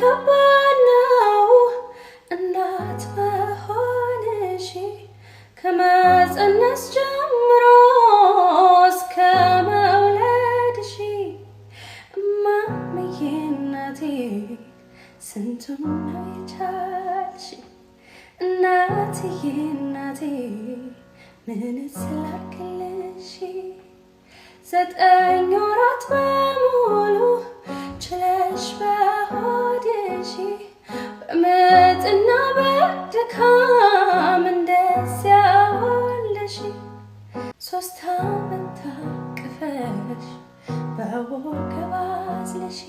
ከባድ ነው እናት መሆንሽ ከመፀነስ ጀምሮ እስከ መውለድሽ እማምዬ ስንቱን ነው የቻልሽ እናትዬ እናቴ ምን ስላክልሽ ዘጠኝ ወራት በሙሉ ችለሽ በሆድሽ በምጥና በድካም እንደዚያ ዋለሽ ሶስት አመት ታቅፈሽ በወከባ አዝለሽ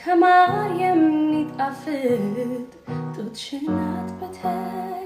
ከማር የሚጣፍጥ ጡትሽን አጥብተሽ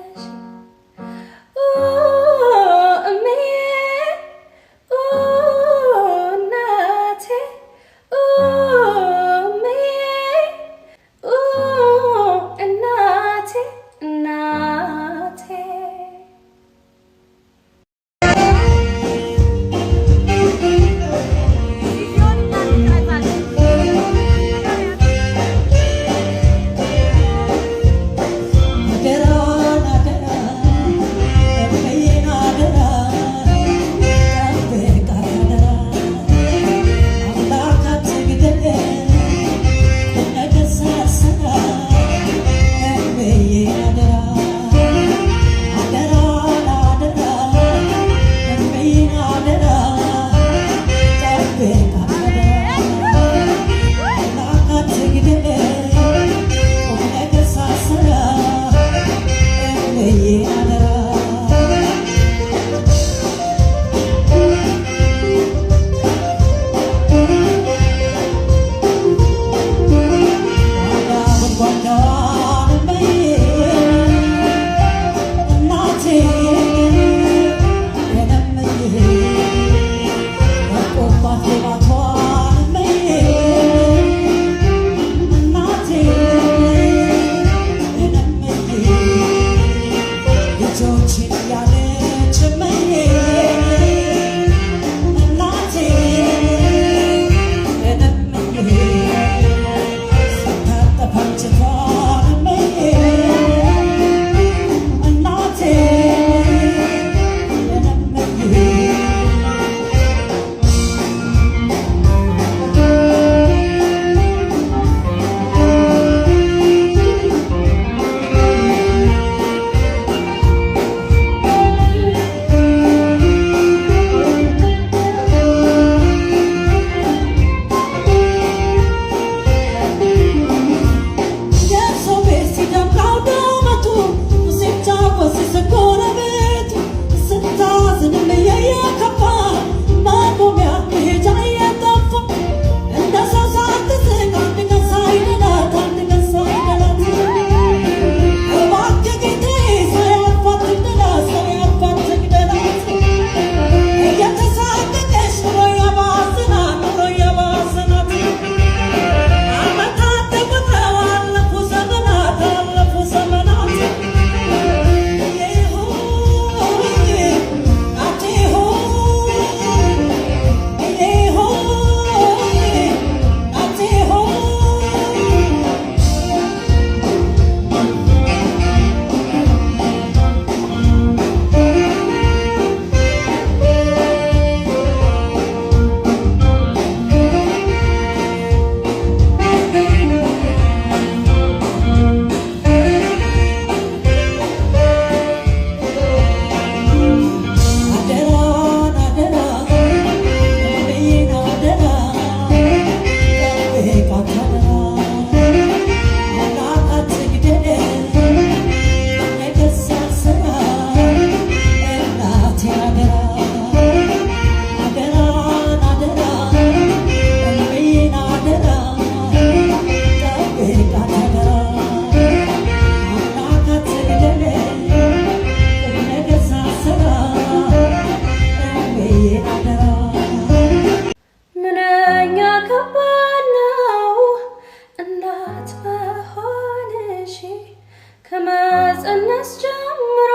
ከመፀነስ ጀምሮ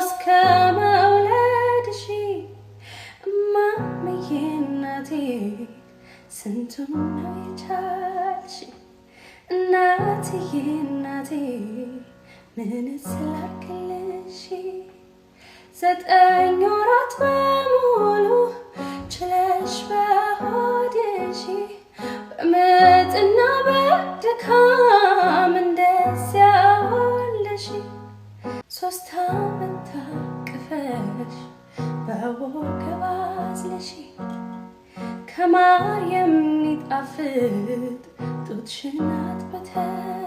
እስከ መውለድሽ እማምዬ እናቴ ስንቱን ነው የቻልሽ እናትዬ እናቴ ምን ስላክልሽ ዘጠኝ ወራት በሙሉ ችለሽ በሆድሽ በምጥና በድካም እንደ head, to not at bed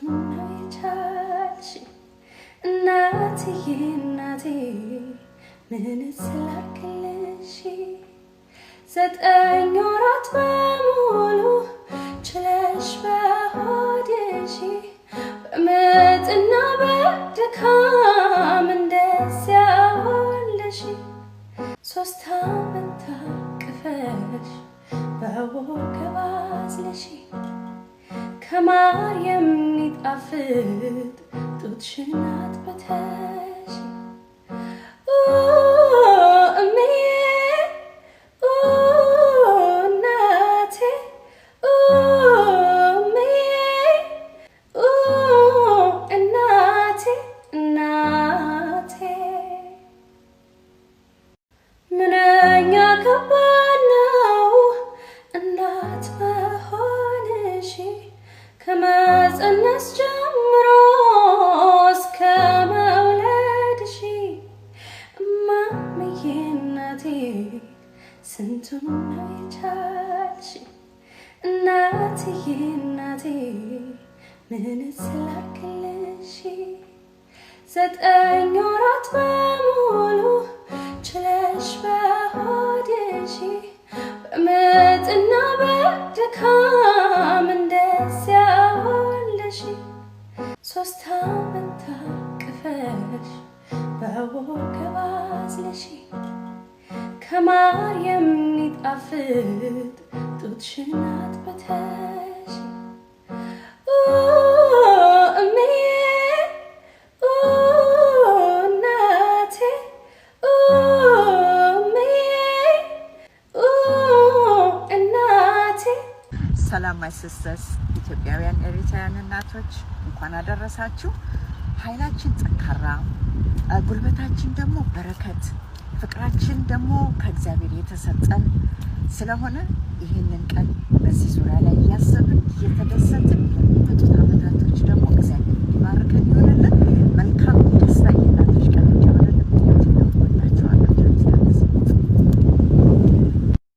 ቱምቻች እናትዬ እናቴ ምን ስላክልሽ ዘጠኝ ወራት በሙሉ ችለሽ በሆድሽ በምጥና በድካም እንደዚያ ዋለሽ ሶስት አመት ታቅፈሽ በወገብ አዝለሽ ከማር I feel shenat bat hesh Oh, me Oh, nate Oh, me Oh, nate Nate Menanya kapanaw Anat mahonishi Come on ስንቱን ይቻልሽ እናትዬ እናቴ ምን ስላክልሽ ዘጠኝ ወራት በሙሉ ችለሽ በሆድሽ በምጥና በድካም እንደስ ዋለሽ ሶስት አመት ታቅፈሽ በወገብ አዝለሽ ሲጣፍጥ ጡትሽን አጥብተሽ እሜ እናቴ እሜ ሰላም ማይ ሲስተርስ ኢትዮጵያውያን ኤሪትራውያን እናቶች እንኳን አደረሳችሁ። ኃይላችን ጠንካራ፣ ጉልበታችን ደግሞ በረከት ፍቅራችን ደግሞ ከእግዚአብሔር የተሰጠን ስለሆነ ይህንን ቀን በዚህ ዙሪያ ላይ እያሰብን እየተደሰትን የሚመጡት አመታቶች ደግሞ እግዚአብሔር እንዲባርከን ይሆንልን መልካም